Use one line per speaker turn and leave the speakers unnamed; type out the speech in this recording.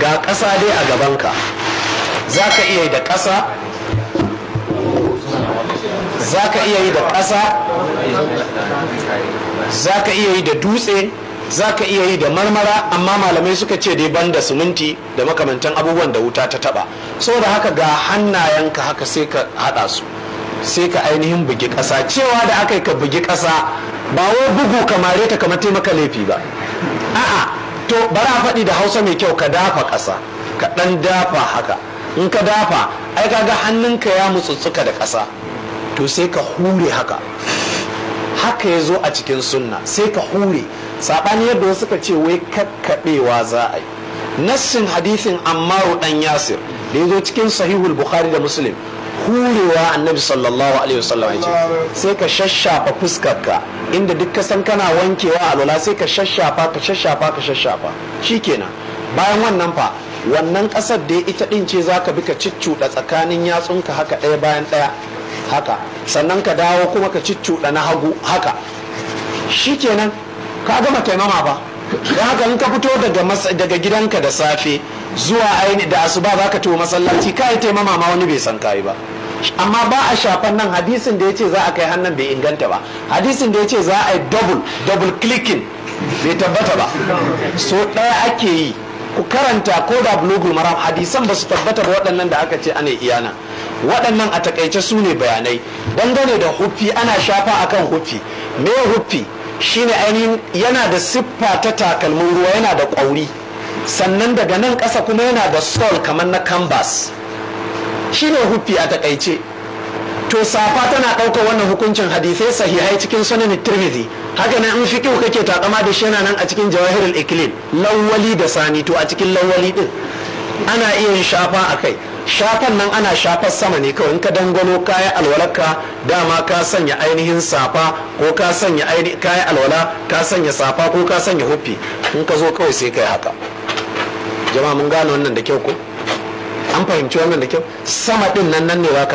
ga ƙasa dai a gabanka za ka iya yi da ƙasa za ka iya yi da ƙasa za ka iya yi da dutse za ka iya yi da marmara amma malamai suka ce dai ban da siminti da makamantan abubuwan da wuta ta taba da haka ga hannayenka haka sai ka haɗa su sai ka ainihin bugi ƙasa cewa da aka yi ka bugi ƙasa ba wai bugu kamare ta kamar taimaka laifi ba a'a to bara faɗi da hausa mai kyau ka dafa ƙasa ka ɗan dafa haka in ka dafa ai kaga hannunka ya mutsutsuka da ƙasa to sai ka hure haka haka ya zo a cikin sunna sai ka hure saɓani yadda wasu ka ce wai kakkaɓewa za a yi nassin hadisin ammaru ɗan yasir da ya zo cikin sahihul bukhari da muslim hurewa annabi sallallahu alaihi wasallam ya ce sai ka shashafa fuskarka inda duk ka san kana wankewa lola sai ka shashafa ka shashafa ka shashafa shikenan bayan wannan fa wannan kasar da ita din ce zaka bi ka ciccuda tsakanin yatsunka haka ɗaya bayan ɗaya haka sannan ka dawo kuma ka ciccuda na hagu haka shikenan ka gama taimama fa da haka in ka fito daga gidanka da safe zuwa aini da asuba za ka tuwo masallaci kai taimama ma wani bai san kayi ba amma ba a shafan nan hadisin da ya ce za a kai hannun bai inganta ba hadisin da ya ce za a yi double double clicking bai tabbata ba so ɗaya ake yi ku karanta ko da bulugul maram hadisan ba su tabbata ba waɗannan da aka ce ana iyana waɗannan a takaice su ne bayanai dangane da hufi ana shafa akan hufi me huffi shine ainihin yana da siffa ta takalmin ruwa yana da ƙwauri sannan daga nan ƙasa kuma yana da sol kamar na canvas Shi ne hufi a takaice to safa tana ɗaukar wannan hukuncin hadisai sahihai cikin sunan tirmidhi haka nan in fiqh kake takama da shi nan a cikin jawahirul iklim lawwali da sani to a cikin lawwali din ana iya yin shafa a kai shafan nan ana shafar sama ne kawai in ka dangwalo kaya alwalarka dama ka sanya ainihin safa ko ka sanya kaya alwala ka sanya safa ko ka sanya huffi in ka zo kawai sai kai haka jama'a mun gane wannan da kyau ko an fahimci wannan da kyau sama din nan nan ne za ka